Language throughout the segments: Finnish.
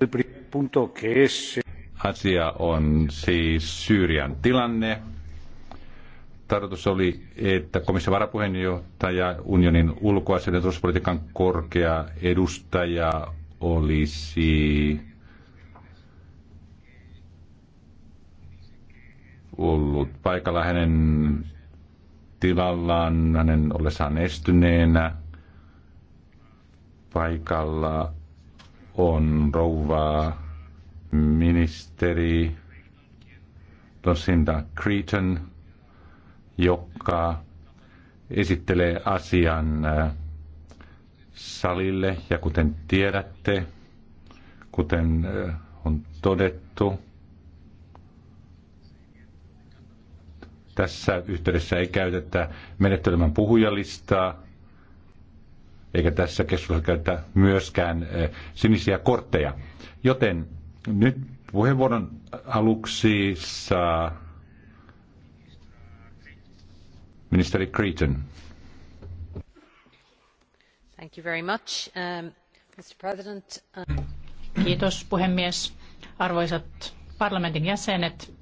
Eh, Asia on siis Syyrian tilanne. Tarkoitus oli, että komission varapuheenjohtaja, unionin ulkoasioiden turvallisuuspolitiikan korkea edustaja olisi ollut paikalla hänen tilallaan, hänen ollessaan estyneenä paikalla on rouva ministeri Lucinda Creighton, joka esittelee asian äh, salille. Ja kuten tiedätte, kuten äh, on todettu, tässä yhteydessä ei käytetä menettelemän puhujalistaa, eikä tässä keskustelussa käytetä myöskään eh, sinisiä kortteja. Joten nyt puheenvuoron aluksi saa ministeri Creighton. Thank you very much, um, Mr. President. Um... Kiitos puhemies. Arvoisat parlamentin jäsenet,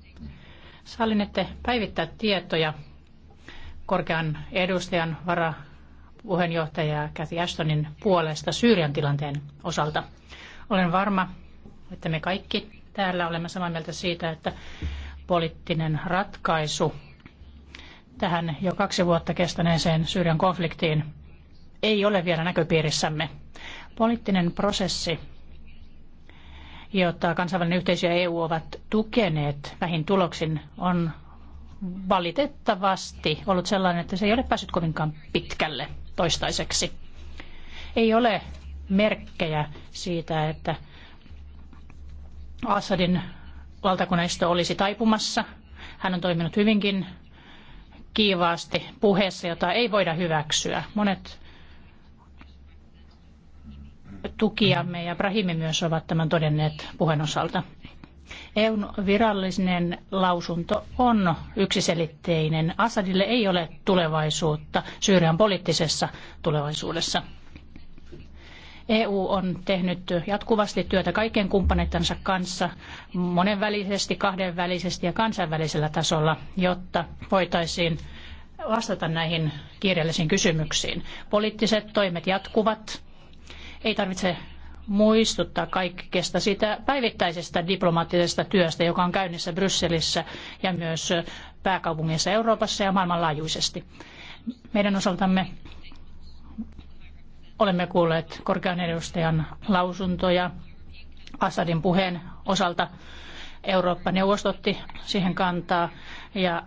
sallinette päivittää tietoja korkean edustajan vara puheenjohtaja Cathy Ashtonin puolesta Syyrian tilanteen osalta. Olen varma, että me kaikki täällä olemme samaa mieltä siitä, että poliittinen ratkaisu tähän jo kaksi vuotta kestäneeseen Syyrian konfliktiin ei ole vielä näköpiirissämme. Poliittinen prosessi, jota kansainvälinen yhteisö ja EU ovat tukeneet vähin tuloksin, on valitettavasti ollut sellainen, että se ei ole päässyt kovinkaan pitkälle toistaiseksi. Ei ole merkkejä siitä, että Assadin valtakunnaisto olisi taipumassa. Hän on toiminut hyvinkin kiivaasti puheessa, jota ei voida hyväksyä. Monet tukijamme ja Brahimi myös ovat tämän todenneet puheen osalta. EUn virallinen lausunto on yksiselitteinen. Assadille ei ole tulevaisuutta Syyrian poliittisessa tulevaisuudessa. EU on tehnyt jatkuvasti työtä kaikkien kumppaneittensa kanssa monenvälisesti, kahdenvälisesti ja kansainvälisellä tasolla, jotta voitaisiin vastata näihin kiireellisiin kysymyksiin. Poliittiset toimet jatkuvat. Ei tarvitse muistuttaa kaikkesta siitä päivittäisestä diplomaattisesta työstä, joka on käynnissä Brysselissä ja myös pääkaupungissa Euroopassa ja maailmanlaajuisesti. Meidän osaltamme olemme kuulleet korkean edustajan lausuntoja Assadin puheen osalta. Eurooppa-neuvosto otti siihen kantaa ja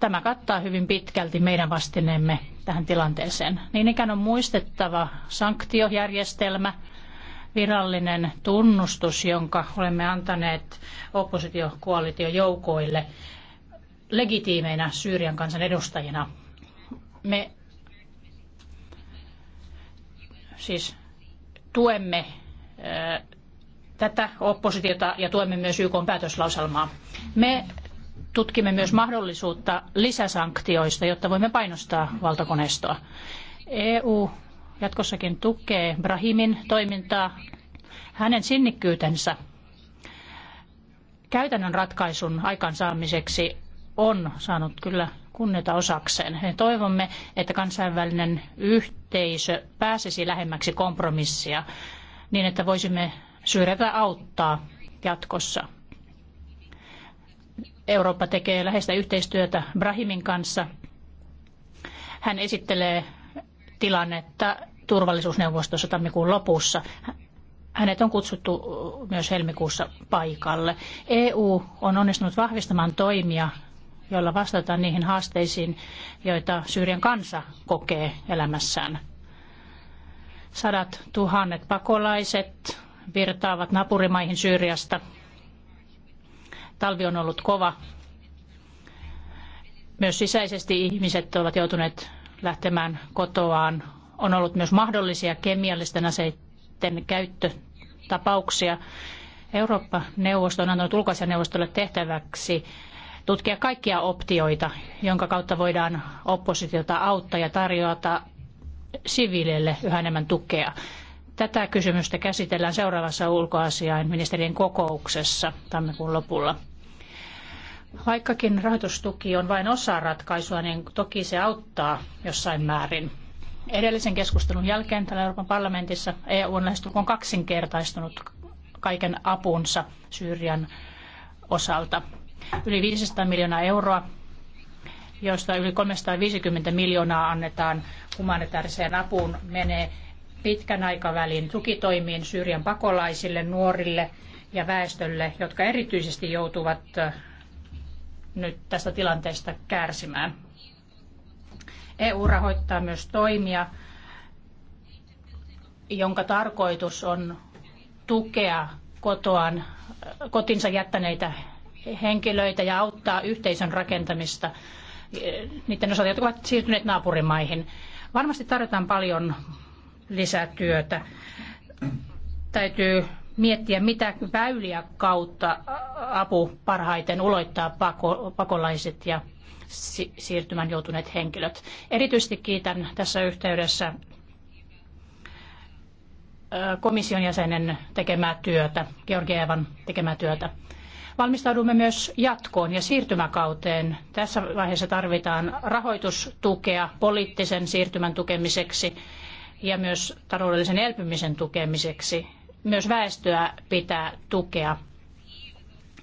tämä kattaa hyvin pitkälti meidän vastineemme tähän tilanteeseen. Niin ikään on muistettava sanktiojärjestelmä, virallinen tunnustus, jonka olemme antaneet oppositiokoalitiojoukoille legitiimeinä Syyrian kansan edustajina. Me siis tuemme eh, tätä oppositiota ja tuemme myös YK päätöslauselmaa. Me tutkimme myös mahdollisuutta lisäsanktioista, jotta voimme painostaa valtakoneistoa. EU jatkossakin tukee Brahimin toimintaa, hänen sinnikkyytensä käytännön ratkaisun aikaansaamiseksi on saanut kyllä kunnioita osakseen. Me toivomme, että kansainvälinen yhteisö pääsisi lähemmäksi kompromissia niin, että voisimme syrjätä auttaa jatkossa. Eurooppa tekee läheistä yhteistyötä Brahimin kanssa. Hän esittelee tilannetta turvallisuusneuvostossa tammikuun lopussa. Hänet on kutsuttu myös helmikuussa paikalle. EU on onnistunut vahvistamaan toimia, joilla vastataan niihin haasteisiin, joita Syyrian kansa kokee elämässään. Sadat tuhannet pakolaiset virtaavat napurimaihin Syyriasta. Talvi on ollut kova. Myös sisäisesti ihmiset ovat joutuneet lähtemään kotoaan on ollut myös mahdollisia kemiallisten aseiden käyttötapauksia. Eurooppa-neuvosto on antanut ulkoasianneuvostolle tehtäväksi tutkia kaikkia optioita, jonka kautta voidaan oppositiota auttaa ja tarjota siviileille yhä enemmän tukea. Tätä kysymystä käsitellään seuraavassa ulkoasiainministerien ministerien kokouksessa tammikuun lopulla. Vaikkakin rahoitustuki on vain osa ratkaisua, niin toki se auttaa jossain määrin. Edellisen keskustelun jälkeen täällä Euroopan parlamentissa EU on lähestulkoon kaksinkertaistunut kaiken apunsa Syyrian osalta. Yli 500 miljoonaa euroa, joista yli 350 miljoonaa annetaan humanitaariseen apuun, menee pitkän aikavälin tukitoimiin Syyrian pakolaisille, nuorille ja väestölle, jotka erityisesti joutuvat nyt tästä tilanteesta kärsimään. EU rahoittaa myös toimia, jonka tarkoitus on tukea kotoaan, kotinsa jättäneitä henkilöitä ja auttaa yhteisön rakentamista niiden osalta, jotka ovat siirtyneet naapurimaihin. Varmasti tarvitaan paljon lisätyötä. Täytyy miettiä, mitä väyliä kautta apu parhaiten ulottaa pakolaiset ja siirtymään joutuneet henkilöt. Erityisesti kiitän tässä yhteydessä komission jäsenen tekemää työtä, Georgievan tekemää työtä. Valmistaudumme myös jatkoon ja siirtymäkauteen. Tässä vaiheessa tarvitaan rahoitustukea poliittisen siirtymän tukemiseksi ja myös taloudellisen elpymisen tukemiseksi. Myös väestöä pitää tukea.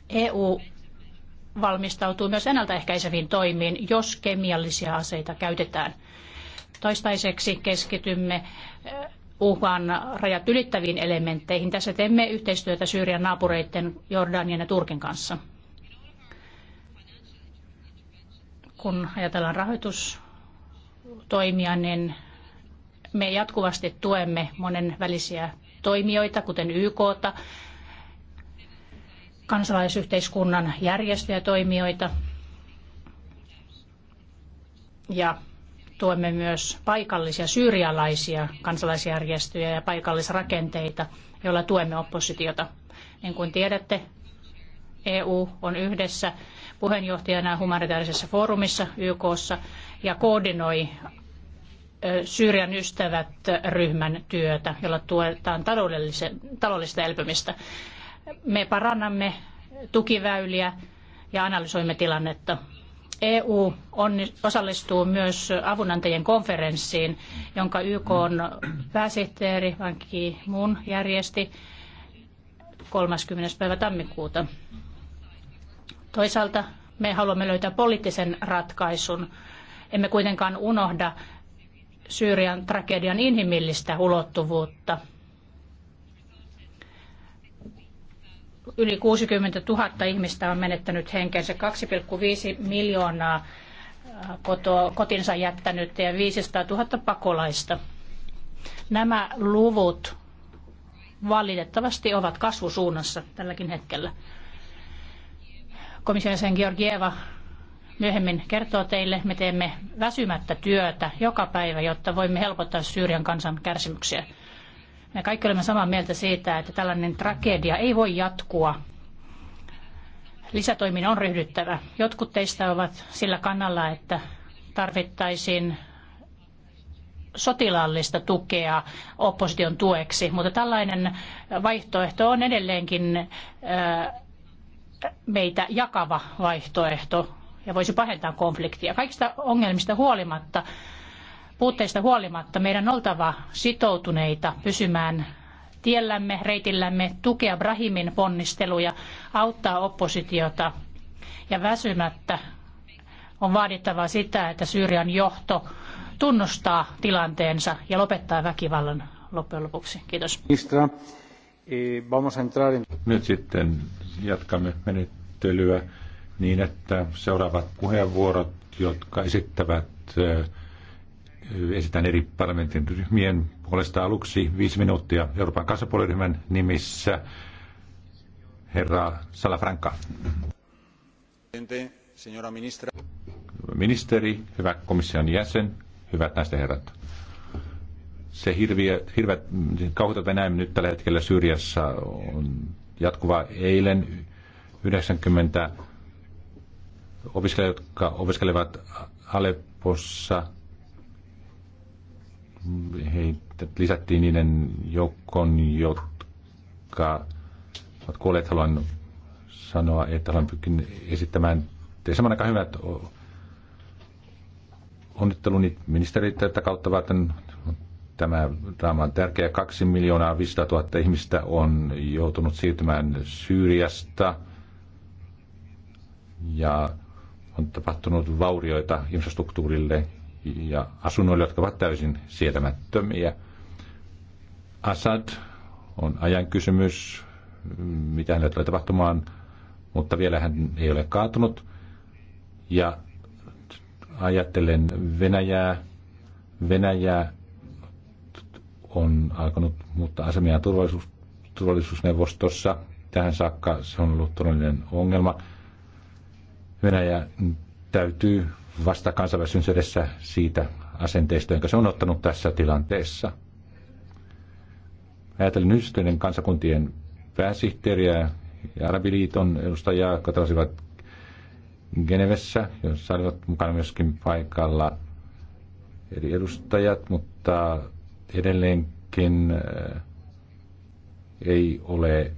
EU valmistautuu myös ennaltaehkäiseviin toimiin, jos kemiallisia aseita käytetään. Toistaiseksi keskitymme eh, uhan rajat ylittäviin elementteihin. Tässä teemme yhteistyötä Syyrian naapureiden Jordanian ja Turkin kanssa. Kun ajatellaan rahoitustoimia, niin me jatkuvasti tuemme monen välisiä toimijoita, kuten YKta, kansalaisyhteiskunnan järjestöjä, toimijoita ja tuemme myös paikallisia syyrialaisia kansalaisjärjestöjä ja paikallisrakenteita, joilla tuemme oppositiota. Niin kuin tiedätte, EU on yhdessä puheenjohtajana humanitaarisessa foorumissa YKssa ja koordinoi Syyrian ystävät-ryhmän työtä, jolla tuetaan taloudellista elpymistä me parannamme tukiväyliä ja analysoimme tilannetta. EU osallistuu myös avunantajien konferenssiin, jonka YK on pääsihteeri Ban Ki-moon järjesti 30. päivä tammikuuta. Toisaalta me haluamme löytää poliittisen ratkaisun. Emme kuitenkaan unohda Syyrian tragedian inhimillistä ulottuvuutta – Yli 60 000 ihmistä on menettänyt henkensä, 2,5 miljoonaa äh, kotinsa jättänyt ja 500 000 pakolaista. Nämä luvut valitettavasti ovat kasvusuunnassa tälläkin hetkellä. Komission jäsen Georgieva myöhemmin kertoo teille, me teemme väsymättä työtä joka päivä, jotta voimme helpottaa Syyrian kansan kärsimyksiä. Me kaikki olemme samaa mieltä siitä, että tällainen tragedia ei voi jatkua. Lisätoimin on ryhdyttävä. Jotkut teistä ovat sillä kannalla, että tarvittaisiin sotilaallista tukea opposition tueksi, mutta tällainen vaihtoehto on edelleenkin meitä jakava vaihtoehto ja voisi pahentaa konfliktia. Kaikista ongelmista huolimatta puutteista huolimatta meidän oltava sitoutuneita pysymään tiellämme, reitillämme, tukea Brahimin ponnisteluja, auttaa oppositiota ja väsymättä on vaadittava sitä, että Syyrian johto tunnustaa tilanteensa ja lopettaa väkivallan loppujen lopuksi. Kiitos. Eh, Nyt sitten jatkamme menettelyä niin, että seuraavat puheenvuorot, jotka esittävät eh, esitän eri parlamentin ryhmien puolesta aluksi viisi minuuttia Euroopan kansanpuoliryhmän nimissä. Herra Salafranca. Ministeri, hyvä komission jäsen, hyvät näistä herrat. Se hirviä, hirveät kauhut, Venäjä nyt tällä hetkellä Syyriassa, on jatkuva eilen 90 opiskelijat, jotka opiskelevat Aleppossa – heitä lisättiin niiden joukkoon, jotka ovat kuolleet. Haluan sanoa, että haluan pyrkin esittämään teille saman aikaan hyvät onnitteluni ministerit tätä kautta varten. Tämä draama on tärkeä. 2 miljoonaa 500 000 ihmistä on joutunut siirtymään Syyriasta ja on tapahtunut vaurioita infrastruktuurille ja asunnoille, jotka ovat täysin sietämättömiä. Assad on ajan kysymys, mitä hänelle tulee tapahtumaan, mutta vielä hän ei ole kaatunut. Ja ajattelen Venäjää. Venäjää on alkanut muuttaa asemiaan turvallisuus, turvallisuusneuvostossa. Tähän saakka se on ollut todellinen ongelma. Venäjä täytyy vasta kansainvälisyydessä siitä asenteesta, jonka se on ottanut tässä tilanteessa. Ajattelin yhdistyneiden kansakuntien pääsihteeriä ja Arabiliiton edustajaa, jotka tapasivat Genevessä, jossa olivat mukana myöskin paikalla eri edustajat, mutta edelleenkin äh, ei ole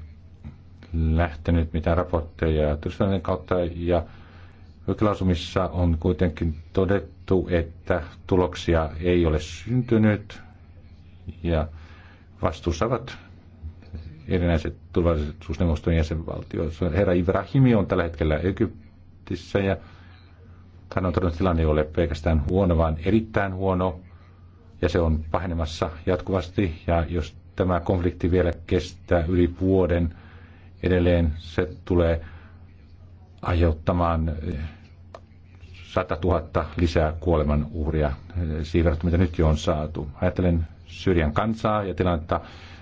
lähtenyt mitään raportteja Tyrstanin kautta ja Klausumissa on kuitenkin todettu, että tuloksia ei ole syntynyt ja vastuussa ovat erinäiset turvallisuusneuvoston jäsenvaltiot. Herra Ibrahimi on tällä hetkellä Egyptissä ja hän on todennut, tilanne ei ole pelkästään huono, vaan erittäin huono ja se on pahenemassa jatkuvasti ja jos tämä konflikti vielä kestää yli vuoden edelleen, se tulee aiheuttamaan 100 000 lisää kuoleman uhria siihen verrattuna, mitä nyt jo on saatu. Ajattelen Syyrian kansaa ja tilannetta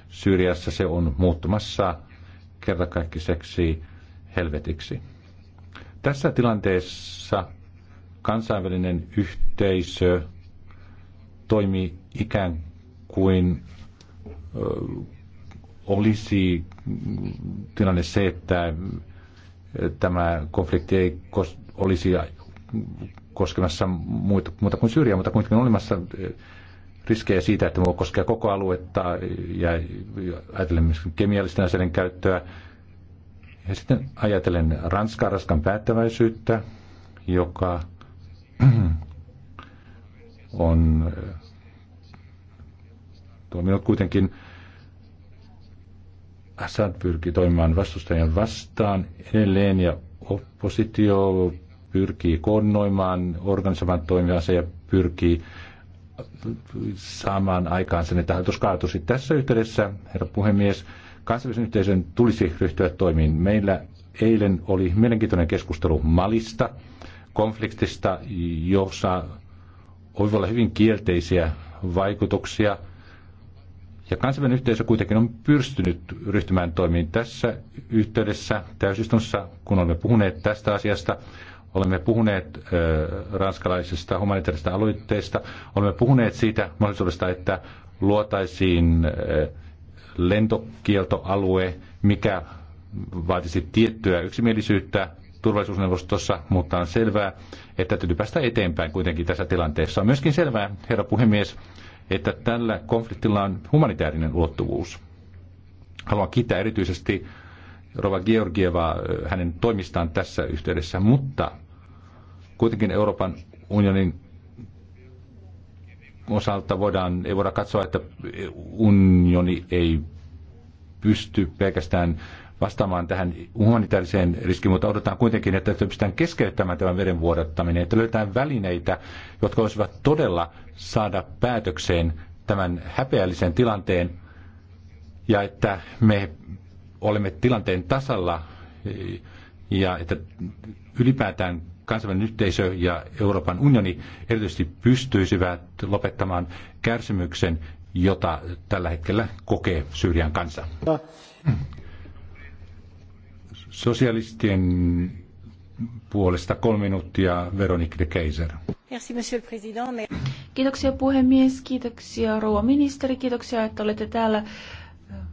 Syyriassa se on muuttumassa kertakaikkiseksi helvetiksi. Tässä tilanteessa kansainvälinen yhteisö toimii ikään kuin olisi tilanne se, että tämä konflikti ei olisi koskemassa muita, muuta kuin Syyriä, mutta kuitenkin on olemassa eh, riskejä siitä, että voi koskea koko aluetta ja ajatellen myös kemiallisten aseiden käyttöä. Ja sitten ajatellen Ranskaa, Ranskan päättäväisyyttä, joka on eh, toiminut kuitenkin Assad pyrkii toimimaan vastustajan vastaan edelleen ja oppositio pyrkii koordinoimaan, organisoimaan toimijansa ja pyrkii saamaan aikaan sen, että hallitus kaatuisi. Tässä yhteydessä, herra puhemies, kansainvälisen yhteisön tulisi ryhtyä toimiin. Meillä eilen oli mielenkiintoinen keskustelu Malista, konfliktista, jossa voi olla hyvin kielteisiä vaikutuksia. Ja kansainvälinen yhteisö kuitenkin on pyrstynyt ryhtymään toimiin tässä yhteydessä täysistunnossa, kun olemme puhuneet tästä asiasta. Olemme puhuneet ranskalaisesta humanitaarisesta aloitteesta. Olemme puhuneet siitä mahdollisuudesta, että luotaisiin lentokieltoalue, mikä vaatisi tiettyä yksimielisyyttä turvallisuusneuvostossa, mutta on selvää, että täytyy päästä eteenpäin kuitenkin tässä tilanteessa. On myöskin selvää, herra puhemies, että tällä konfliktilla on humanitaarinen ulottuvuus. Haluan kiittää erityisesti Rova Georgieva hänen toimistaan tässä yhteydessä, mutta kuitenkin Euroopan unionin osalta voidaan, ei voida katsoa, että unioni ei pysty pelkästään vastaamaan tähän humanitaariseen riskiin, mutta odotetaan kuitenkin, että pystytään keskeyttämään tämä veden vuodattaminen, että löydetään välineitä, jotka voisivat todella saada päätökseen tämän häpeällisen tilanteen, ja että me olemme tilanteen tasalla ja että ylipäätään kansainvälinen yhteisö ja Euroopan unioni erityisesti pystyisivät lopettamaan kärsimyksen, jota tällä hetkellä kokee Syyrian kansa. Sosialistien puolesta kolme minuuttia Veronique de Keiser. Kiitoksia puhemies, kiitoksia rouva ministeri, kiitoksia, että olette täällä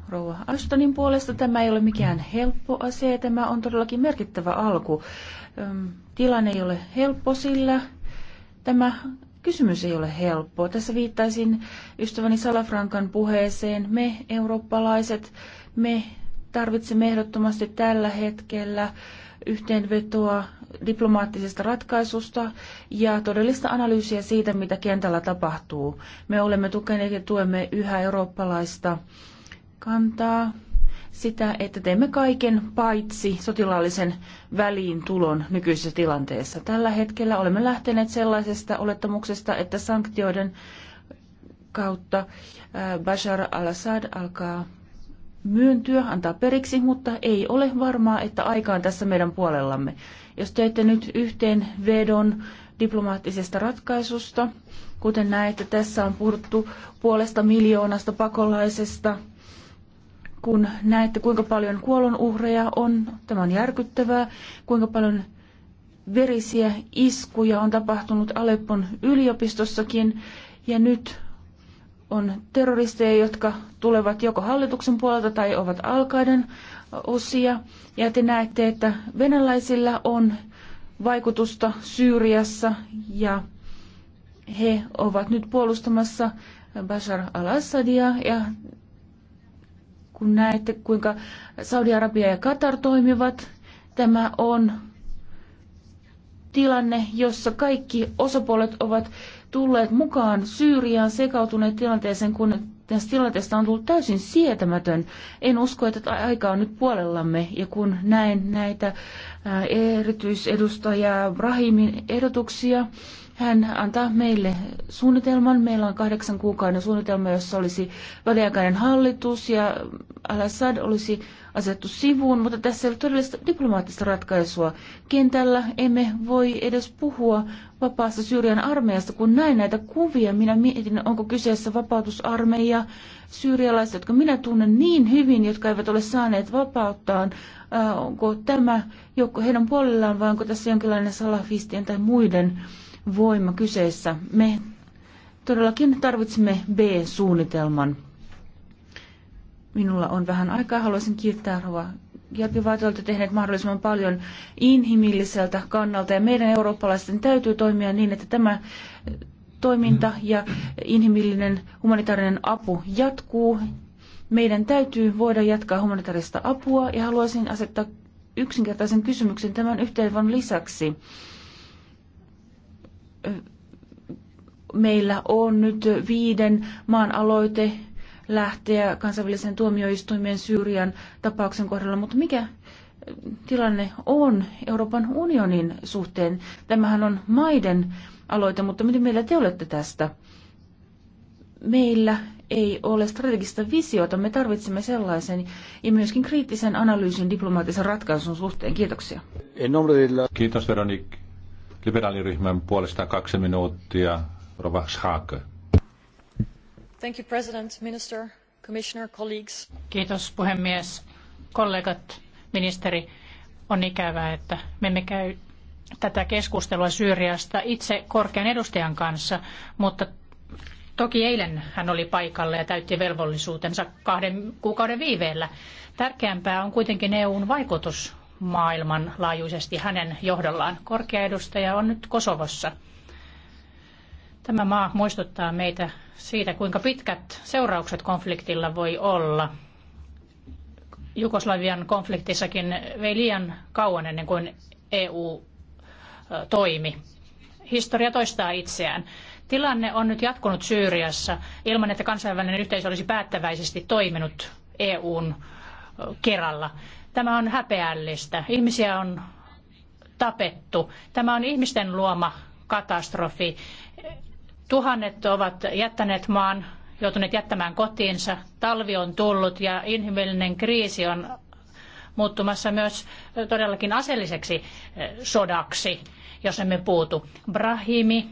rouva Ashtonin puolesta. Tämä ei ole mikään helppo asia ja tämä on todellakin merkittävä alku. Tilanne ei ole helppo, sillä tämä kysymys ei ole helppo. Tässä viittaisin ystäväni Salafrankan puheeseen. Me eurooppalaiset, me tarvitsemme ehdottomasti tällä hetkellä yhteenvetoa diplomaattisesta ratkaisusta ja todellista analyysiä siitä, mitä kentällä tapahtuu. Me olemme tukeneet ja tuemme yhä eurooppalaista kantaa sitä, että teemme kaiken paitsi sotilaallisen väliintulon nykyisessä tilanteessa. Tällä hetkellä olemme lähteneet sellaisesta olettamuksesta, että sanktioiden kautta äh, Bashar al-Assad alkaa myöntyä, antaa periksi, mutta ei ole varmaa, että aika on tässä meidän puolellamme. Jos teette nyt yhteen vedon diplomaattisesta ratkaisusta, kuten näette, tässä on puhuttu puolesta miljoonasta pakolaisesta – kun näette, kuinka paljon kuolonuhreja on, tämä on järkyttävää, kuinka paljon verisiä iskuja on tapahtunut Aleppon yliopistossakin, ja nyt on terroristeja, jotka tulevat joko hallituksen puolelta tai ovat alkaiden osia. Ja te näette, että venäläisillä on vaikutusta Syyriassa ja he ovat nyt puolustamassa Bashar al-Assadia ja kun näette, kuinka Saudi-Arabia ja Katar toimivat. Tämä on tilanne, jossa kaikki osapuolet ovat tulleet mukaan Syyriaan sekautuneet tilanteeseen, kun tästä tilanteesta on tullut täysin sietämätön. En usko, että aika on nyt puolellamme. Ja kun näen näitä erityisedustajaa Brahimin ehdotuksia, hän antaa meille suunnitelman. Meillä on kahdeksan kuukauden suunnitelma, jossa olisi väliaikainen hallitus ja Al-Assad olisi asettu sivuun, mutta tässä ei ole todellista diplomaattista ratkaisua. Kentällä emme voi edes puhua vapaasta Syyrian armeijasta, kun näin näitä kuvia. Minä mietin, onko kyseessä vapautusarmeija, syyrialaiset, jotka minä tunnen niin hyvin, jotka eivät ole saaneet vapauttaan. Äh, onko tämä joukko heidän puolellaan vai onko tässä jonkinlainen salafistien tai muiden voima kyseessä. Me todellakin tarvitsemme B-suunnitelman. Minulla on vähän aikaa, haluaisin kiittää Rova Jälkivaat olette tehneet mahdollisimman paljon inhimilliseltä kannalta ja meidän eurooppalaisten täytyy toimia niin, että tämä toiminta ja inhimillinen humanitaarinen apu jatkuu. Meidän täytyy voida jatkaa humanitaarista apua ja haluaisin asettaa yksinkertaisen kysymyksen tämän yhteenvon lisäksi meillä on nyt viiden maan aloite lähteä kansainvälisen tuomioistuimen Syyrian tapauksen kohdalla, mutta mikä tilanne on Euroopan unionin suhteen? Tämähän on maiden aloite, mutta miten meillä te olette tästä? Meillä ei ole strategista visiota, me tarvitsemme sellaisen ja myöskin kriittisen analyysin diplomaattisen ratkaisun suhteen. Kiitoksia. Kiitos Veronique liberaaliryhmän puolesta kaksi minuuttia. Rova Schaake. Thank you, President, Minister, Commissioner, colleagues. Kiitos puhemies, kollegat, ministeri. On ikävää, että me emme käy tätä keskustelua Syyriasta itse korkean edustajan kanssa, mutta Toki eilen hän oli paikalla ja täytti velvollisuutensa kahden kuukauden viiveellä. Tärkeämpää on kuitenkin EUn vaikutus maailmanlaajuisesti hänen johdollaan. Korkea edustaja on nyt Kosovossa. Tämä maa muistuttaa meitä siitä, kuinka pitkät seuraukset konfliktilla voi olla. Jugoslavian konfliktissakin vei liian kauan ennen kuin EU toimi. Historia toistaa itseään. Tilanne on nyt jatkunut Syyriassa ilman, että kansainvälinen yhteisö olisi päättäväisesti toiminut EUn kerralla. Tämä on häpeällistä. Ihmisiä on tapettu. Tämä on ihmisten luoma katastrofi. Tuhannet ovat jättäneet maan, joutuneet jättämään kotiinsa. Talvi on tullut ja inhimillinen kriisi on muuttumassa myös todellakin aseelliseksi eh, sodaksi, jos emme puutu. Brahimi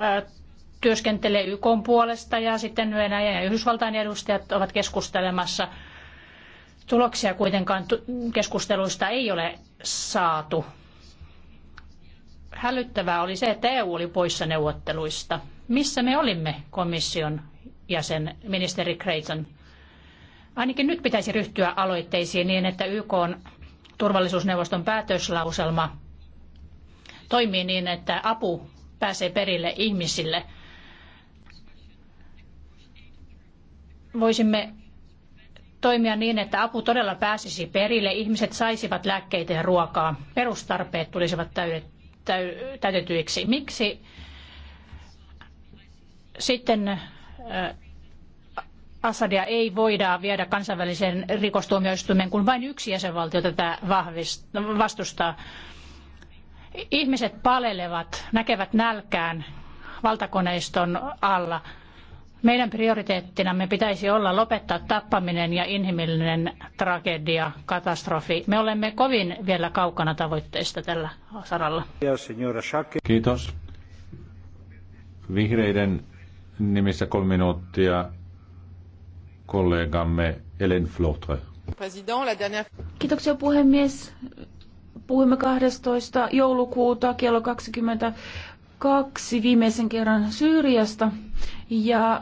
eh, työskentelee YK puolesta ja sitten Venäjän ja Yhdysvaltain edustajat ovat keskustelemassa – Tuloksia kuitenkaan keskusteluista ei ole saatu. Hälyttävää oli se, että EU oli poissa neuvotteluista. Missä me olimme komission jäsen, ministeri Creighton? Ainakin nyt pitäisi ryhtyä aloitteisiin niin, että YK on turvallisuusneuvoston päätöslauselma toimii niin, että apu pääsee perille ihmisille. Voisimme toimia niin, että apu todella pääsisi perille, ihmiset saisivat lääkkeitä ja ruokaa, perustarpeet tulisivat täytetyiksi. Miksi sitten Assadia ei voida viedä kansainväliseen rikostuomioistuimeen, kun vain yksi jäsenvaltio tätä vastustaa. Ihmiset palelevat, näkevät nälkään valtakoneiston alla. Meidän prioriteettinamme pitäisi olla lopettaa tappaminen ja inhimillinen tragedia, katastrofi. Me olemme kovin vielä kaukana tavoitteista tällä saralla. Kiitos. Vihreiden nimissä kolme minuuttia kollegamme Ellen Flotre. Kiitoksia puhemies. Puhuimme 12. joulukuuta kello 22 viimeisen kerran Syyriasta ja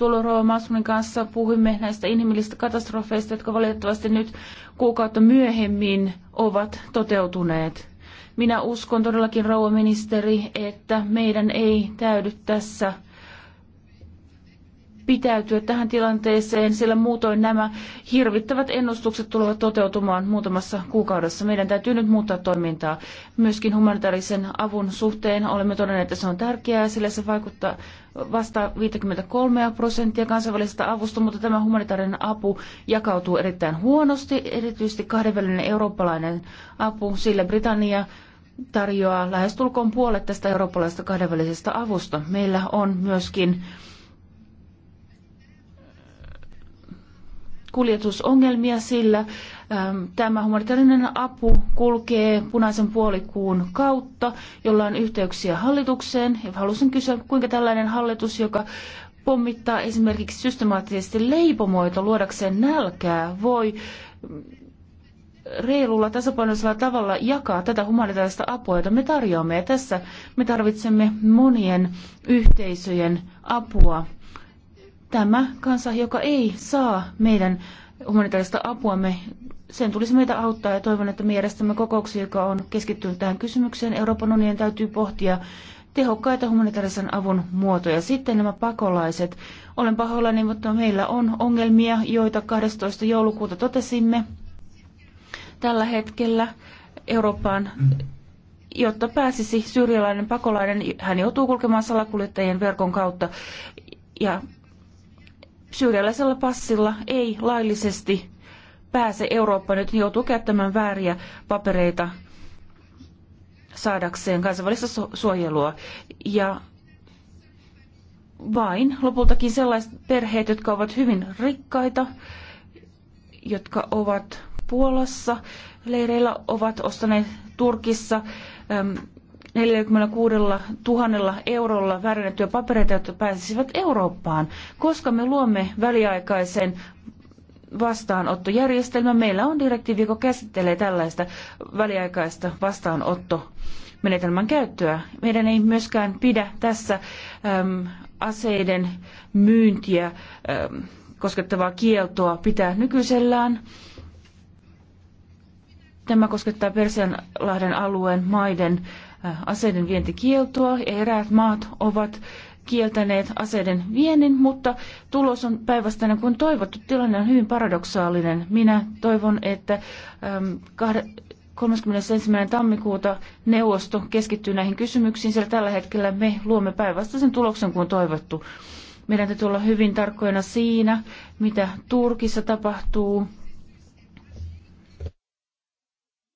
Rova Masmunin kanssa puhuimme näistä inhimillisistä katastrofeista, jotka valitettavasti nyt kuukautta myöhemmin ovat toteutuneet. Minä uskon todellakin, rouva ministeri, että meidän ei täydy tässä pitäytyä tähän tilanteeseen, sillä muutoin nämä hirvittävät ennustukset tulevat toteutumaan muutamassa kuukaudessa. Meidän täytyy nyt muuttaa toimintaa. Myöskin humanitaarisen avun suhteen olemme todenneet, että se on tärkeää, sillä se vaikuttaa vasta 53 prosenttia kansainvälisestä avusta, mutta tämä humanitaarinen apu jakautuu erittäin huonosti, erityisesti kahdenvälinen eurooppalainen apu, sillä Britannia tarjoaa lähestulkoon puolet tästä eurooppalaisesta kahdenvälisestä avusta. Meillä on myöskin kuljetusongelmia, sillä ähm, tämä humanitaarinen apu kulkee punaisen puolikuun kautta, jolla on yhteyksiä hallitukseen. Ja halusin kysyä, kuinka tällainen hallitus, joka pommittaa esimerkiksi systemaattisesti leipomoita luodakseen nälkää, voi mm, reilulla tasapainoisella tavalla jakaa tätä humanitaarista apua, jota me tarjoamme. Ja tässä me tarvitsemme monien yhteisöjen apua. Tämä kansa, joka ei saa meidän humanitaarista apuamme, sen tulisi meitä auttaa ja toivon, että me järjestämme kokouksia, joka on keskittynyt tähän kysymykseen. Euroopan unionin täytyy pohtia tehokkaita humanitaarisen avun muotoja. Sitten nämä pakolaiset. Olen pahoillani, mutta meillä on ongelmia, joita 12. joulukuuta totesimme tällä hetkellä Eurooppaan. Jotta pääsisi syyrialainen pakolainen, hän joutuu kulkemaan salakuljettajien verkon kautta. Ja syyrialaisella passilla ei laillisesti pääse Eurooppaan, nyt niin joutuu käyttämään vääriä papereita saadakseen kansainvälistä suojelua. Ja vain lopultakin sellaiset perheet, jotka ovat hyvin rikkaita, jotka ovat Puolassa leireillä, ovat ostaneet Turkissa äm, 46 000 eurolla väärennettyjä papereita, jotta pääsisivät Eurooppaan. Koska me luomme väliaikaisen vastaanottojärjestelmä. Meillä on direktiivi, joka käsittelee tällaista väliaikaista vastaanottomenetelmän käyttöä. Meidän ei myöskään pidä tässä äm, aseiden myyntiä äm, koskettavaa kieltoa pitää nykyisellään. Tämä koskettaa Persianlahden alueen maiden Äh, aseiden vientikieltoa ja eräät maat ovat kieltäneet aseiden viennin, mutta tulos on päinvastainen kuin toivottu. Tilanne on hyvin paradoksaalinen. Minä toivon, että 31. tammikuuta neuvosto keskittyy näihin kysymyksiin, sillä tällä hetkellä me luomme päinvastaisen tuloksen kuin toivottu. Meidän täytyy olla hyvin tarkkoina siinä, mitä Turkissa tapahtuu,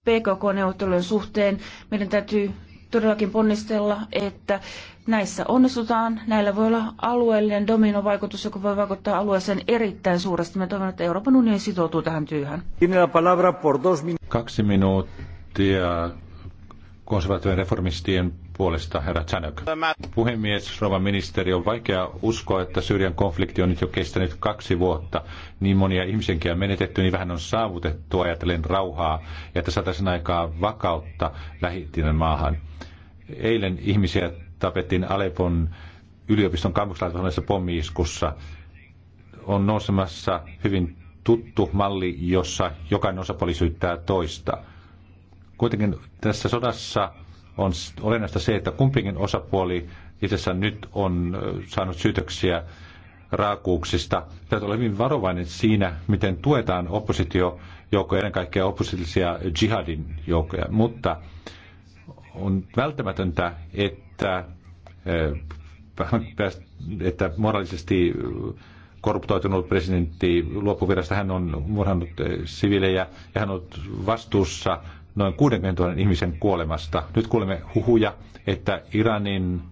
PKK-neuvottelujen suhteen. Meidän täytyy todellakin ponnistella, että näissä onnistutaan. Näillä voi olla alueellinen dominovaikutus, joka voi vaikuttaa alueeseen erittäin suuresti. Me toivon, että Euroopan unioni sitoutuu tähän työhön. Kaksi minuuttia konservatiivien reformistien puolesta herra Chanok. Puhemies, rouva ministeri, on vaikea uskoa, että Syyrian konflikti on nyt jo kestänyt kaksi vuotta. Niin monia ihmisenkin on menetetty, niin vähän on saavutettu ajatellen rauhaa ja että saataisiin aikaa vakautta lähittinen maahan. Eilen ihmisiä tapettiin Alepon yliopiston kampuslaitoksessa pommiiskussa. On nousemassa hyvin tuttu malli, jossa jokainen osapuoli syyttää toista. Kuitenkin tässä sodassa on olennaista se, että kumpikin osapuoli itse asiassa nyt on saanut syytöksiä raakuuksista. Täytyy olla hyvin varovainen siinä, miten tuetaan oppositiojoukkoja, ennen kaikkea oppositiivisia jihadin joukkoja. Mutta on välttämätöntä, että, eh, että moraalisesti korruptoitunut presidentti luopuvirasta, hän on murhannut eh, siviilejä ja hän on vastuussa noin 60 000 ihmisen kuolemasta. Nyt kuulemme huhuja, että Iranin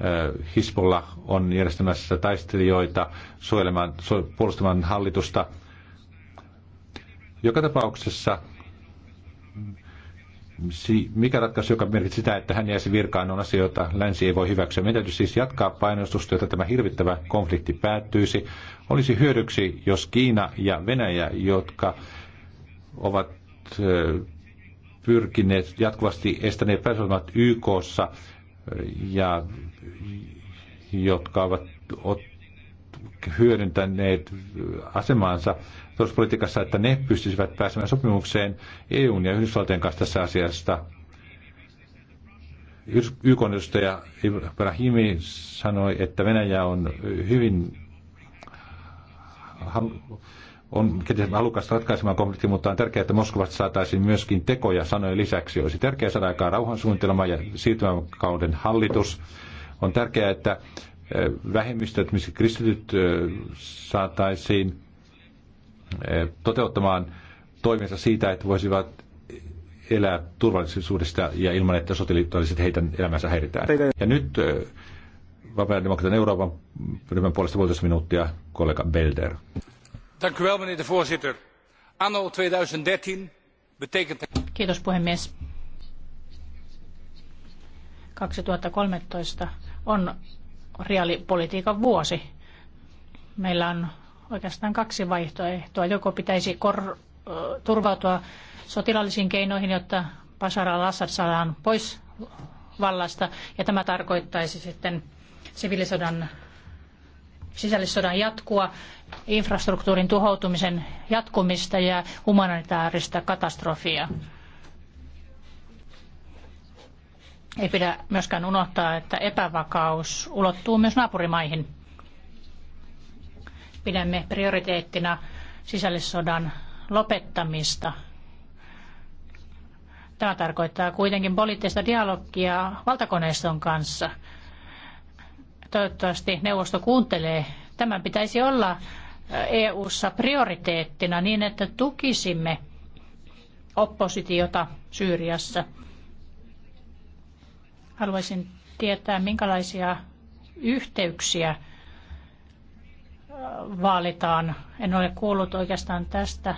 eh, Hisbollah on järjestämässä taistelijoita suojelemaan, puolustamaan hallitusta. Joka tapauksessa mikä ratkaisu, joka merkitsi sitä, että hän jäisi virkaan, on asia, jota länsi ei voi hyväksyä. Meidän täytyy siis jatkaa painostusta, jotta tämä hirvittävä konflikti päättyisi. Olisi hyödyksi, jos Kiina ja Venäjä, jotka ovat pyrkineet jatkuvasti estäneet pääsylmät YKssa ja jotka ovat hyödyntäneet asemaansa talouspolitiikassa, että ne pystyisivät pääsemään sopimukseen EUn ja Yhdysvaltojen kanssa tässä asiasta. YK edustaja Ibrahimi sanoi, että Venäjä on hyvin on halukas ratkaisemaan konfliktin, mutta on tärkeää, että Moskovasta saataisiin myöskin tekoja sanoja lisäksi. Olisi tärkeää saada aikaan rauhansuunnitelma ja siirtymäkauden hallitus. On tärkeää, että vähemmistöt, missä kristityt saataisiin toteuttamaan toimensa siitä, että voisivat elää turvallisuudesta ja ilman, että olisi heidän elämänsä häiritään. Ja nyt vapaa demokratian Euroopan ryhmän puolesta puolitoista minuuttia kollega Belder. voorzitter. 2013 Kiitos puhemies. 2013 on reaalipolitiikan vuosi. Meillä on oikeastaan kaksi vaihtoehtoa. Joko pitäisi kor- turvautua sotilaallisiin keinoihin, jotta Bashar al-Assad saadaan pois vallasta, ja tämä tarkoittaisi sitten sivilisodan sisällissodan jatkua, infrastruktuurin tuhoutumisen jatkumista ja humanitaarista katastrofia. Ei pidä myöskään unohtaa, että epävakaus ulottuu myös naapurimaihin. Pidämme prioriteettina sisällissodan lopettamista. Tämä tarkoittaa kuitenkin poliittista dialogia valtakoneiston kanssa. Toivottavasti neuvosto kuuntelee. Tämän pitäisi olla EU-ssa eh, e prioriteettina niin, että tukisimme oppositiota Syyriassa – Haluaisin tietää, minkälaisia yhteyksiä äh, vaalitaan. En ole kuullut oikeastaan tästä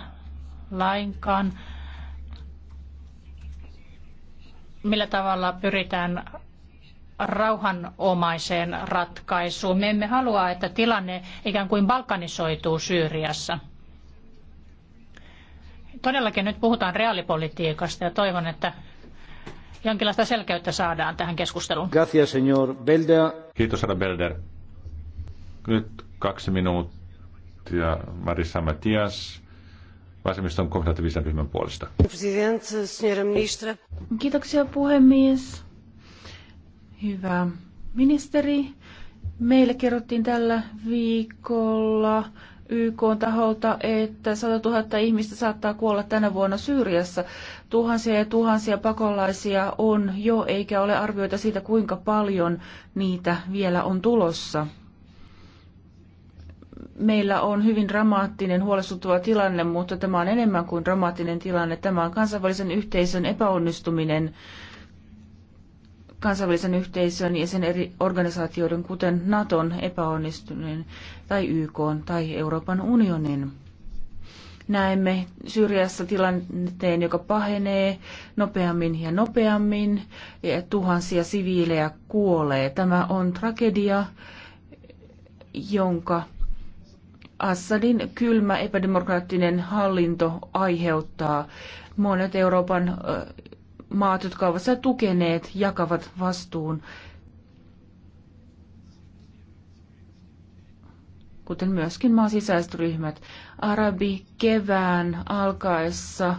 lainkaan. Millä tavalla pyritään rauhanomaiseen ratkaisuun? Me emme halua, että tilanne ikään kuin balkanisoituu Syyriassa. Todellakin nyt puhutaan reaalipolitiikasta ja toivon, että jonkinlaista selkeyttä saadaan tähän keskusteluun. Gracias, señor Belder. Kiitos, herra Belder. Nyt kaksi minuuttia. Marissa Matias, vasemmiston konservatiivisen ryhmän puolesta. Kiitoksia, puhemies. Hyvä ministeri. Meille kerrottiin tällä viikolla YK on taholta, että 100 000 ihmistä saattaa kuolla tänä vuonna Syyriassa. Tuhansia ja tuhansia pakolaisia on jo, eikä ole arvioita siitä, kuinka paljon niitä vielä on tulossa. Meillä on hyvin dramaattinen, huolestuttava tilanne, mutta tämä on enemmän kuin dramaattinen tilanne. Tämä on kansainvälisen yhteisön epäonnistuminen kansainvälisen yhteisön ja sen eri organisaatioiden, kuten Naton epäonnistuneen tai YK tai Euroopan unionin. Näemme Syyriassa tilanteen, joka pahenee nopeammin ja nopeammin, ja tuhansia siviilejä kuolee. Tämä on tragedia, jonka Assadin kylmä epädemokraattinen hallinto aiheuttaa. Monet Euroopan maat, jotka ovat sitä tukeneet, jakavat vastuun, kuten myöskin maan sisäiset ryhmät. Arabi kevään alkaessa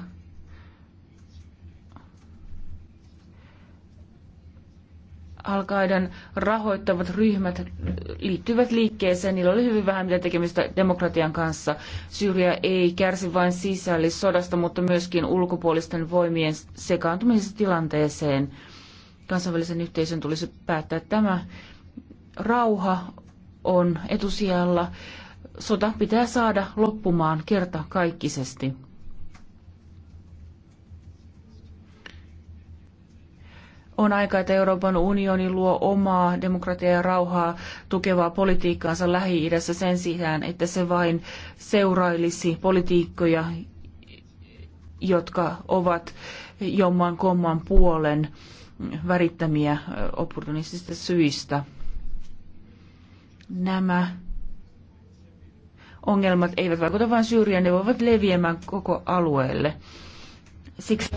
Al-Qaidan rahoittavat ryhmät liittyvät liikkeeseen. Niillä oli hyvin vähän mitä tekemistä demokratian kanssa. Syyria ei kärsi vain sisällissodasta, mutta myöskin ulkopuolisten voimien sekaantumisesta tilanteeseen. Kansainvälisen yhteisön tulisi päättää tämä. Rauha on etusijalla. Sota pitää saada loppumaan kertakaikkisesti. On aika, että Euroopan unioni luo omaa demokratiaa ja rauhaa tukevaa politiikkaansa Lähi-idässä sen sijaan, että se vain seurailisi politiikkoja, jotka ovat jomman komman puolen värittämiä opportunistisista syistä. Nämä ongelmat eivät vaikuta vain Syyriaan, ne voivat leviämään koko alueelle. Siksi...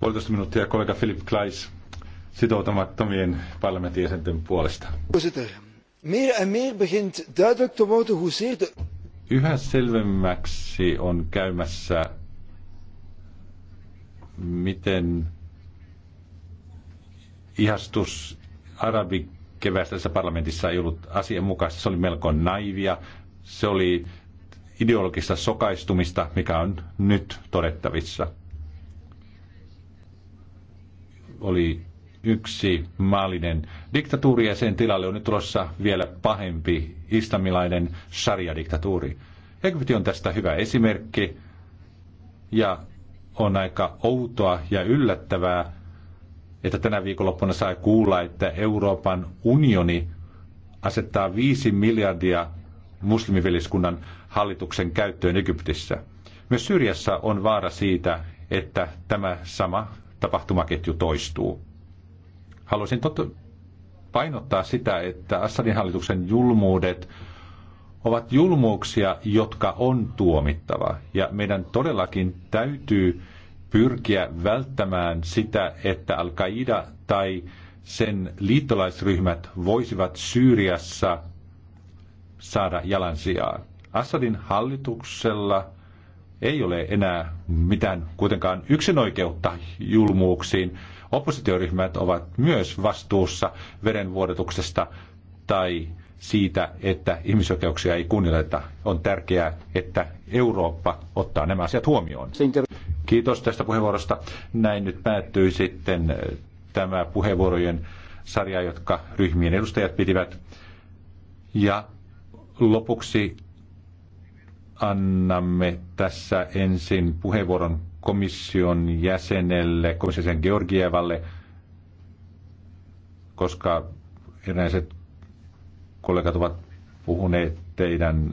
Puolitoista minuuttia kollega Philip Kleis sitoutumattomien parlamentin jäsenten puolesta. Yhä selvemmäksi on käymässä, miten ihastus arabi tässä parlamentissa ei ollut asianmukaista. Se oli melko naivia. Se oli ideologista sokaistumista, mikä on nyt todettavissa oli yksi maallinen diktatuuri ja sen tilalle on nyt tulossa vielä pahempi islamilainen sarjadiktatuuri. Egypti on tästä hyvä esimerkki ja on aika outoa ja yllättävää, että tänä viikonloppuna sai kuulla, että Euroopan unioni asettaa 5 miljardia muslimiveliskunnan hallituksen käyttöön Egyptissä. Myös Syyriassa on vaara siitä, että tämä sama tapahtumaketju toistuu. Haluaisin tot- painottaa sitä, että Assadin hallituksen julmuudet ovat julmuuksia, jotka on tuomittava. Ja meidän todellakin täytyy pyrkiä välttämään sitä, että Al-Qaida tai sen liittolaisryhmät voisivat Syyriassa saada jalansijaa. Assadin hallituksella ei ole enää mitään kuitenkaan yksinoikeutta julmuuksiin. Oppositioryhmät ovat myös vastuussa verenvuodotuksesta tai siitä, että ihmisoikeuksia ei kunnioiteta. On tärkeää, että Eurooppa ottaa nämä asiat huomioon. Kiitos tästä puheenvuorosta. Näin nyt päättyy sitten äh, tämä puheenvuorojen sarja, jotka ryhmien edustajat pitivät. Ja lopuksi annamme tässä ensin puheenvuoron komission jäsenelle, komission jäsen Georgievalle, koska erilaiset kollegat ovat puhuneet teidän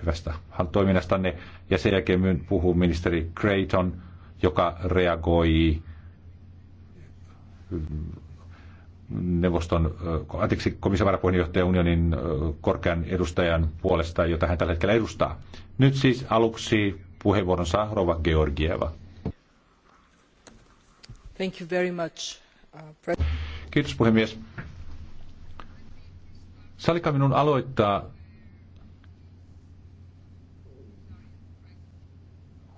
hyvästä toiminnastanne. Ja sen jälkeen puhuu ministeri Creighton, joka reagoi neuvoston, anteeksi, komission varapuheenjohtaja unionin korkean edustajan puolesta, jota hän tällä hetkellä edustaa. Nyt siis aluksi puheenvuoron saa Rova Georgieva. Thank you very much, uh, Kiitos puhemies. Salika minun aloittaa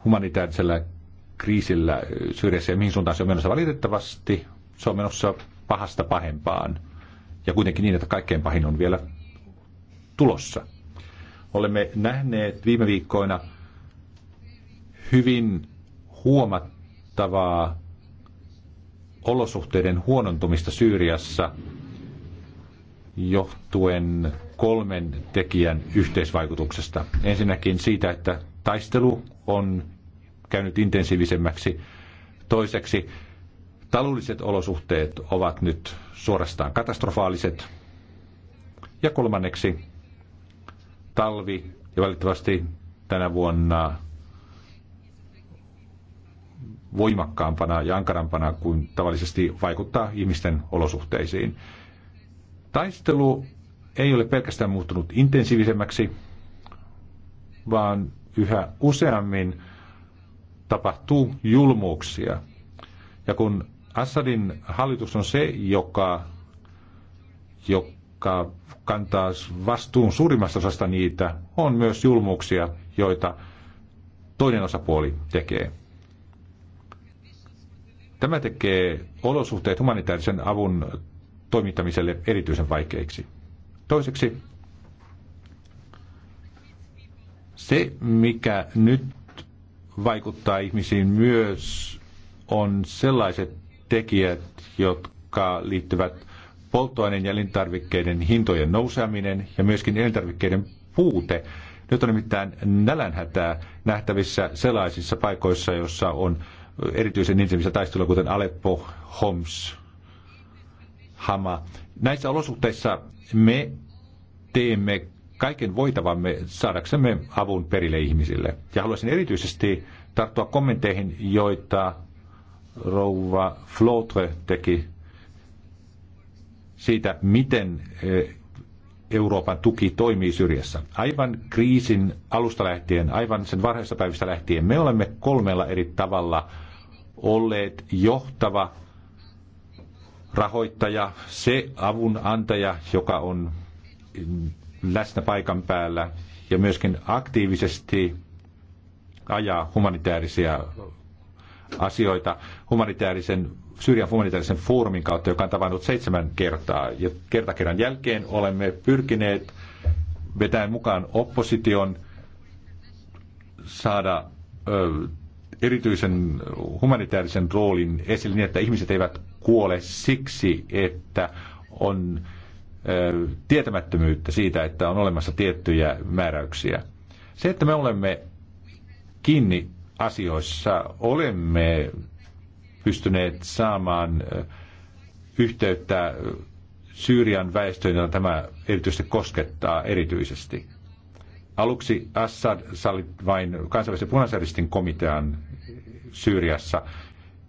humanitaarisella kriisillä Syyriassa ja mihin suuntaan se on menossa valitettavasti. Se on menossa pahasta pahempaan. Ja kuitenkin niin, että kaikkein pahin on vielä tulossa. Olemme nähneet viime viikkoina hyvin huomattavaa olosuhteiden huonontumista Syyriassa johtuen kolmen tekijän yhteisvaikutuksesta. Ensinnäkin siitä, että taistelu on käynyt intensiivisemmäksi. Toiseksi Taloudelliset olosuhteet ovat nyt suorastaan katastrofaaliset. Ja kolmanneksi talvi ja valitettavasti tänä vuonna voimakkaampana ja ankarampana kuin tavallisesti vaikuttaa ihmisten olosuhteisiin. Taistelu ei ole pelkästään muuttunut intensiivisemmäksi, vaan yhä useammin tapahtuu julmuuksia. Ja kun Assadin hallitus on se, joka, joka kantaa vastuun suurimmasta osasta niitä, on myös julmuuksia, joita toinen osapuoli tekee. Tämä tekee olosuhteet humanitaarisen avun toimittamiselle erityisen vaikeiksi. Toiseksi se, mikä nyt vaikuttaa ihmisiin myös, on sellaiset tekijät, jotka liittyvät polttoaineen ja elintarvikkeiden hintojen nouseminen ja myöskin elintarvikkeiden puute. Nyt on nimittäin nälänhätää nähtävissä sellaisissa paikoissa, joissa on erityisen intensiivisiä taisteluja, kuten Aleppo, Homs, Hama. Näissä olosuhteissa me teemme kaiken voitavamme saadaksemme avun perille ihmisille. Ja haluaisin erityisesti tarttua kommenteihin, joita rouva Flotre teki siitä, miten e, Euroopan tuki toimii Syrjässä. Aivan kriisin alusta lähtien, aivan sen varhaisesta päivistä lähtien, me olemme kolmella eri tavalla olleet johtava rahoittaja, se avunantaja, joka on läsnä paikan päällä ja myöskin aktiivisesti ajaa humanitaarisia asioita humanitaarisen, Syyrian humanitaarisen foorumin kautta, joka on tavannut seitsemän kertaa. Ja kertakerran jälkeen olemme pyrkineet vetäen mukaan opposition saada ö, erityisen humanitaarisen roolin esille niin, että ihmiset eivät kuole siksi, että on ö, tietämättömyyttä siitä, että on olemassa tiettyjä määräyksiä. Se, että me olemme kiinni asioissa olemme pystyneet saamaan yhteyttä Syyrian väestöön, jota tämä erityisesti koskettaa erityisesti. Aluksi Assad sali vain kansainvälisen punaisjärjestin komitean Syyriassa.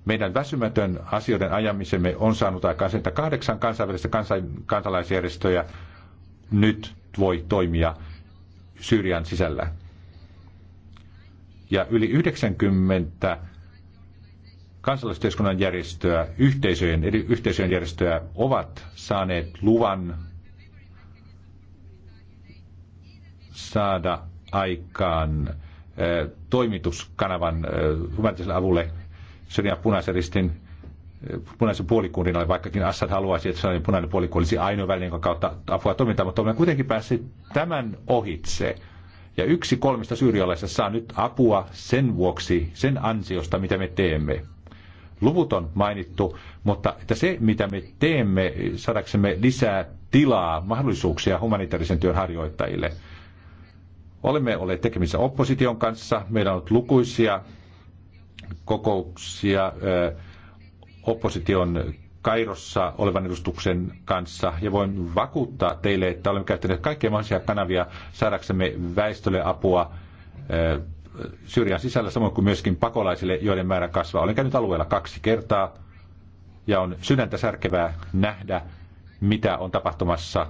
Meidän väsymätön asioiden ajamisemme on saanut aikaan sen, että kahdeksan kansainvälistä kansain, kansalaisjärjestöjä nyt voi toimia Syyrian sisällä ja yli 90 kansalaisyhteiskunnan järjestöä, yhteisöjen, eri yhteisöjen järjestöä ovat saaneet luvan saada aikaan toimituskanavan humanitaariselle avulle Syrian punaisen ristin punaisen puolikuurin vaikkakin Assad haluaisi, että sellainen punainen puolikuuri olisi ainoa väline, jonka kautta apua toimintaa, mutta olemme kuitenkin päässeet tämän ohitse. Ja yksi kolmesta syyrialaisesta saa nyt apua sen vuoksi, sen ansiosta, mitä me teemme. Luvut on mainittu, mutta että se, mitä me teemme, saadaksemme lisää tilaa, mahdollisuuksia humanitaarisen työn harjoittajille. Olemme olleet tekemisissä opposition kanssa. Meillä on ollut lukuisia kokouksia opposition Kairossa olevan edustuksen kanssa ja voin vakuuttaa teille, että olemme käyttäneet kaikkia mahdollisia kanavia saadaksemme väestölle apua eh, Syyrian sisällä, samoin kuin myöskin pakolaisille, joiden määrä kasvaa. Olen käynyt alueella kaksi kertaa ja on sydäntä särkevää nähdä, mitä on tapahtumassa.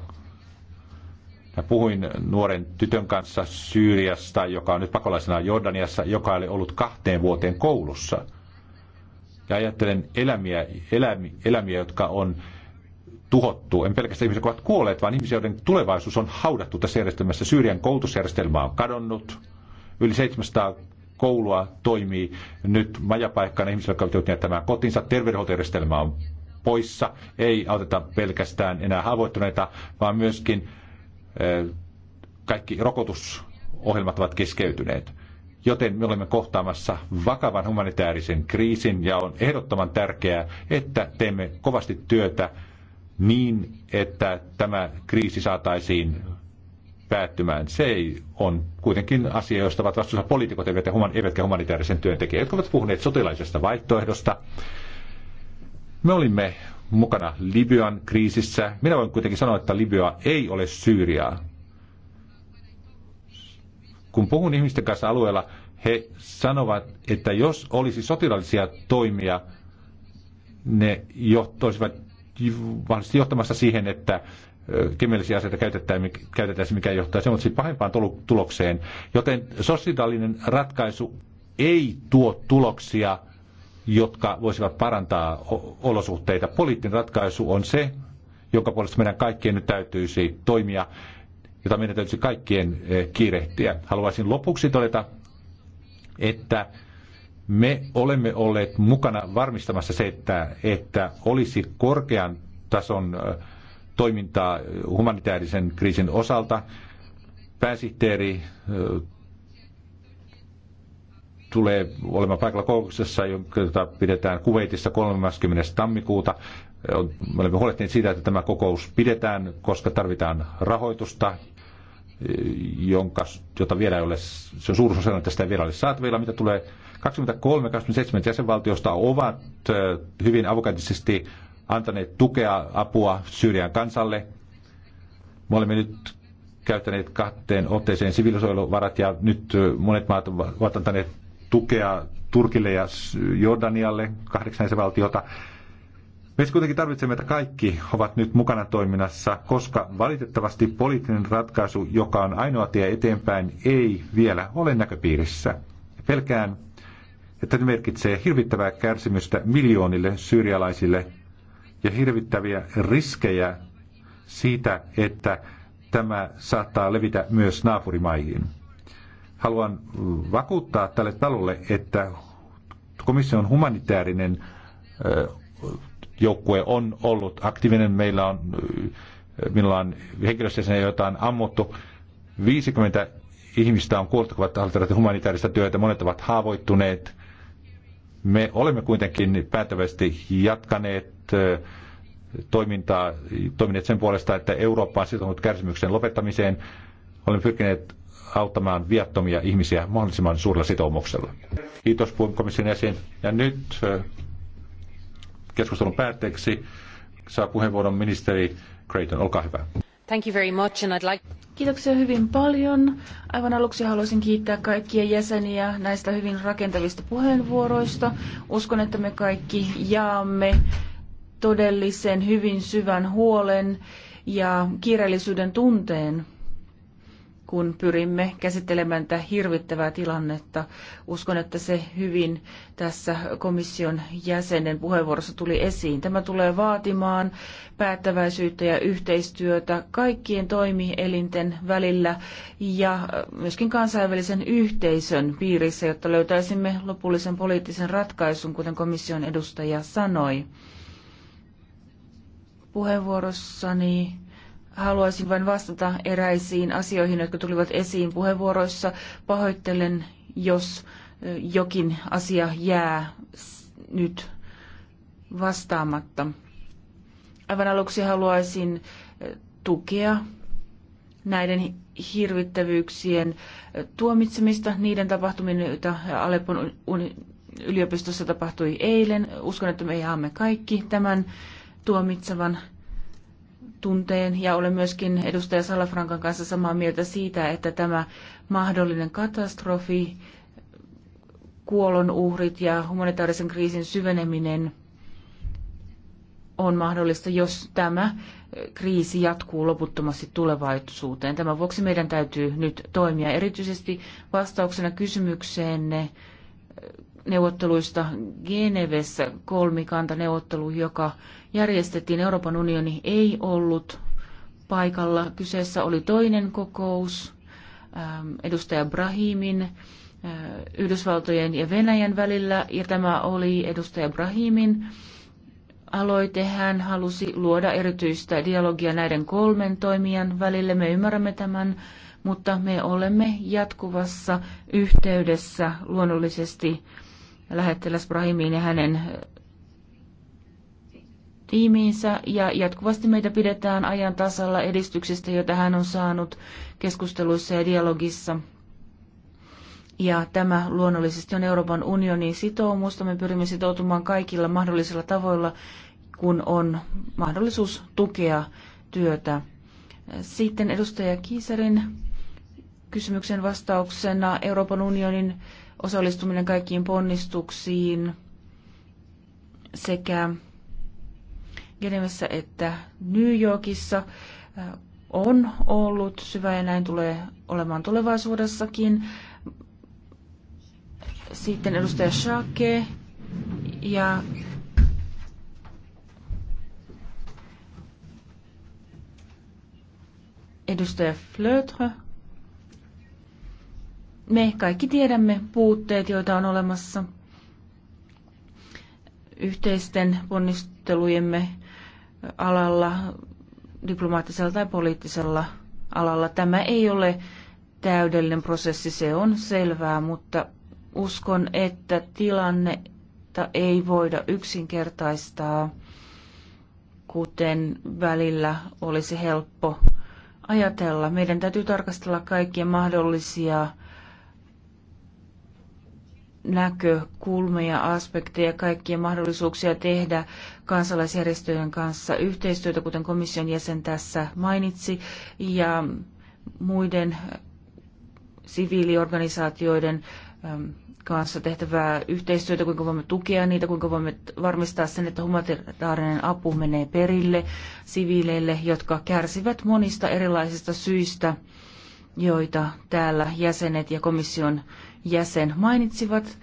Mä puhuin nuoren tytön kanssa Syyriasta, joka on nyt pakolaisena Jordaniassa, joka oli ollut kahteen vuoteen koulussa – ja ajattelen elämiä, elämiä, elämiä jotka on tuhottu. En pelkästään ihmisiä, jotka ovat kuolleet, vaan ihmisiä, joiden tulevaisuus on haudattu tässä järjestelmässä. Syyrian koulutusjärjestelmä on kadonnut. Yli 700 koulua toimii nyt majapaikkana ihmisillä, jotka ovat jättämään kotinsa. Terveydenhuoltojärjestelmä on poissa. Ei auteta pelkästään enää haavoittuneita, vaan myöskin eh, kaikki rokotusohjelmat ovat keskeytyneet joten me olemme kohtaamassa vakavan humanitaarisen kriisin ja on ehdottoman tärkeää, että teemme kovasti työtä niin, että tämä kriisi saataisiin päättymään. Se ei on kuitenkin asia, josta ovat vastuussa poliitikot eivätkä, human, eivätkä humanitaarisen työntekijät, jotka ovat puhuneet sotilaisesta vaihtoehdosta. Me olimme mukana Libyan kriisissä. Minä voin kuitenkin sanoa, että Libya ei ole Syyriaa. Kun puhun ihmisten kanssa alueella, he sanovat, että jos olisi sotilaallisia toimia, ne johtoisivat mahdollisesti johtamassa siihen, että kemiallisia aseita käytetään, käytetään mikä johtaa semmoisiin pahempaan tulokseen. Joten sosiaalinen ratkaisu ei tuo tuloksia, jotka voisivat parantaa olosuhteita. Poliittinen ratkaisu on se, jonka puolesta meidän kaikkien nyt täytyisi toimia jota meidän täytyy kaikkien eh, kiirehtiä. Haluaisin lopuksi todeta, että me olemme olleet mukana varmistamassa se, että, että olisi korkean tason eh, toimintaa eh, humanitaarisen kriisin osalta. Pääsihteeri tulee olemaan paikalla kokouksessa, jota pidetään Kuveitissa 30. tammikuuta. Me olemme huolehtineet siitä, että tämä kokous pidetään, koska tarvitaan rahoitusta, jonka, jota vielä ei ole, se on suuruus on että sitä ei vielä ole saatavilla, mitä tulee 23-27 jäsenvaltiosta ovat eh, hyvin avokätisesti antaneet tukea, apua Syyrian kansalle. Me olemme nyt käyttäneet kahteen otteeseen sivilisoiluvarat ja nyt eh, monet maat ovat antaneet tukea Turkille ja Jordanialle, kahdeksan jäsenvaltiota. Me kuitenkin tarvitsemme, että kaikki ovat nyt mukana toiminnassa, koska valitettavasti poliittinen ratkaisu, joka on ainoa tie eteenpäin, ei vielä ole näköpiirissä. Pelkään, että ne merkitsee hirvittävää kärsimystä miljoonille syyrialaisille ja hirvittäviä riskejä siitä, että tämä saattaa levitä myös naapurimaihin. Haluan vakuuttaa tälle talolle, että komission humanitaarinen joukkue on ollut aktiivinen. Meillä on, äh, minulla on henkilöstössä, jotain ammuttu. 50 ihmistä on kuollut, kun ovat humanitaarista työtä. Monet ovat haavoittuneet. Me olemme kuitenkin päättävästi jatkaneet äh, toimintaa, toimineet sen puolesta, että Eurooppa on sitoutunut kärsimyksen lopettamiseen. Olemme pyrkineet auttamaan viattomia ihmisiä mahdollisimman suurella sitoumuksella. Kiitos komission jäsen. Ja nyt äh, keskustelun päätteeksi saa puheenvuoron ministeri Creighton. Olkaa hyvä. Thank you very much and I'd like... Kiitoksia hyvin paljon. Aivan aluksi haluaisin kiittää kaikkia jäseniä näistä hyvin rakentavista puheenvuoroista. Uskon, että me kaikki jaamme todellisen hyvin syvän huolen ja kiireellisyyden tunteen kun pyrimme käsittelemään tätä hirvittävää tilannetta. Uskon, että se hyvin tässä komission jäsenen puheenvuorossa tuli esiin. Tämä tulee vaatimaan päättäväisyyttä ja yhteistyötä kaikkien toimielinten välillä ja myöskin kansainvälisen yhteisön piirissä, jotta löytäisimme lopullisen poliittisen ratkaisun, kuten komission edustaja sanoi. Puheenvuorossani Haluaisin vain vastata eräisiin asioihin, jotka tulivat esiin puheenvuoroissa. Pahoittelen, jos jokin asia jää nyt vastaamatta. Aivan aluksi haluaisin tukea näiden hirvittävyyksien tuomitsemista, niiden tapahtumien, joita Aleppon yliopistossa tapahtui eilen. Uskon, että me jaamme kaikki tämän tuomitsevan tunteen ja olen myöskin edustaja Salafrankan kanssa samaa mieltä siitä, että tämä mahdollinen katastrofi, kuolonuhrit ja humanitaarisen kriisin syveneminen on mahdollista, jos tämä kriisi jatkuu loputtomasti tulevaisuuteen. Tämän vuoksi meidän täytyy nyt toimia erityisesti vastauksena kysymykseenne neuvotteluista Genevessä neuvottelu joka järjestettiin. Euroopan unioni ei ollut paikalla. Kyseessä oli toinen kokous ähm, edustaja Brahimin äh, Yhdysvaltojen ja Venäjän välillä, ja tämä oli edustaja Brahimin aloite. Hän halusi luoda erityistä dialogia näiden kolmen toimijan välille. Me ymmärrämme tämän, mutta me olemme jatkuvassa yhteydessä luonnollisesti lähettiläs Brahimiin ja hänen tiimiinsä ja jatkuvasti meitä pidetään ajan tasalla edistyksestä, jota hän on saanut keskusteluissa ja dialogissa. Ja tämä luonnollisesti on Euroopan unionin sitoumus. Me pyrimme sitoutumaan kaikilla mahdollisilla tavoilla, kun on mahdollisuus tukea työtä. Sitten edustaja Kiisarin kysymyksen vastauksena Euroopan unionin osallistuminen kaikkiin ponnistuksiin sekä Genevessä että New Yorkissa äh, on ollut syvä ja näin tulee olemaan tulevaisuudessakin. Sitten edustaja Shake ja edustaja Flötre me kaikki tiedämme puutteet, joita on olemassa yhteisten ponnistelujemme alalla, diplomaattisella tai poliittisella alalla. Tämä ei ole täydellinen prosessi, se on selvää, mutta uskon, että tilannetta ei voida yksinkertaistaa, kuten välillä olisi helppo ajatella. Meidän täytyy tarkastella kaikkia mahdollisia näkökulmia, aspekteja, kaikkia mahdollisuuksia tehdä kansalaisjärjestöjen kanssa yhteistyötä, kuten komission jäsen tässä mainitsi, ja muiden siviiliorganisaatioiden kanssa tehtävää yhteistyötä, kuinka voimme tukea niitä, kuinka voimme varmistaa sen, että humanitaarinen apu menee perille siviileille, jotka kärsivät monista erilaisista syistä, joita täällä jäsenet ja komission jäsen mainitsivat.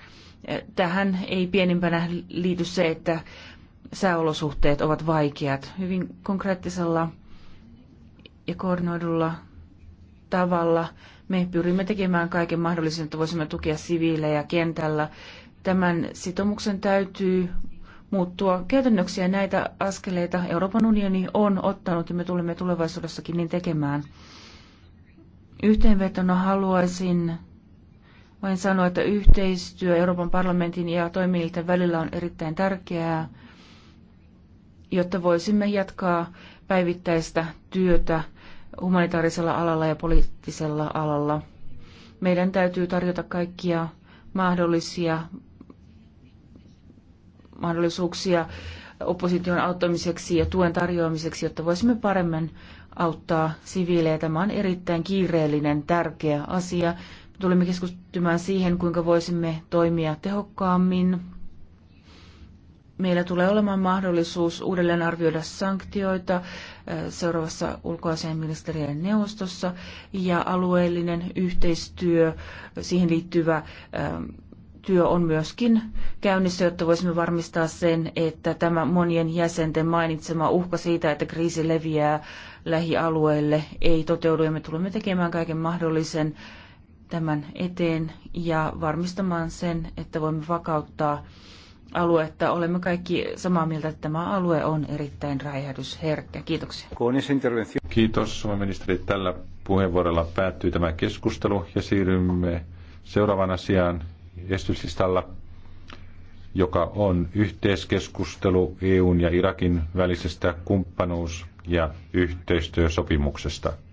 Tähän ei pienimpänä liity se, että sääolosuhteet ovat vaikeat. Hyvin konkreettisella ja koordinoidulla tavalla me pyrimme tekemään kaiken mahdollisen, että voisimme tukea siviilejä kentällä. Tämän sitoumuksen täytyy muuttua käytännöksi ja näitä askeleita Euroopan unioni on ottanut ja me tulemme tulevaisuudessakin niin tekemään. Yhteenvetona haluaisin Voin sanoa, että yhteistyö Euroopan parlamentin ja toimielinten välillä on erittäin tärkeää, jotta voisimme jatkaa päivittäistä työtä humanitaarisella alalla ja poliittisella alalla. Meidän täytyy tarjota kaikkia mahdollisia mahdollisuuksia opposition auttamiseksi ja tuen tarjoamiseksi, jotta voisimme paremmin auttaa siviilejä. Tämä on erittäin kiireellinen, tärkeä asia tulemme keskustymään siihen, kuinka voisimme toimia tehokkaammin. Meillä tulee olemaan mahdollisuus uudelleen arvioida sanktioita äh, seuraavassa ulkoasiainministeriön neuvostossa ja alueellinen yhteistyö, siihen liittyvä äh, työ on myöskin käynnissä, jotta voisimme varmistaa sen, että tämä monien jäsenten mainitsema uhka siitä, että kriisi leviää lähialueille, ei toteudu ja me tulemme tekemään kaiken mahdollisen tämän eteen ja varmistamaan sen, että voimme vakauttaa aluetta. Olemme kaikki samaa mieltä, että tämä alue on erittäin räjähdysherkkä. Kiitoksia. Kiitos, Suomen ministeri. Tällä puheenvuorolla päättyy tämä keskustelu ja siirrymme seuraavan asiaan estyslistalla, joka on yhteiskeskustelu EUn ja Irakin välisestä kumppanuus- ja yhteistyösopimuksesta.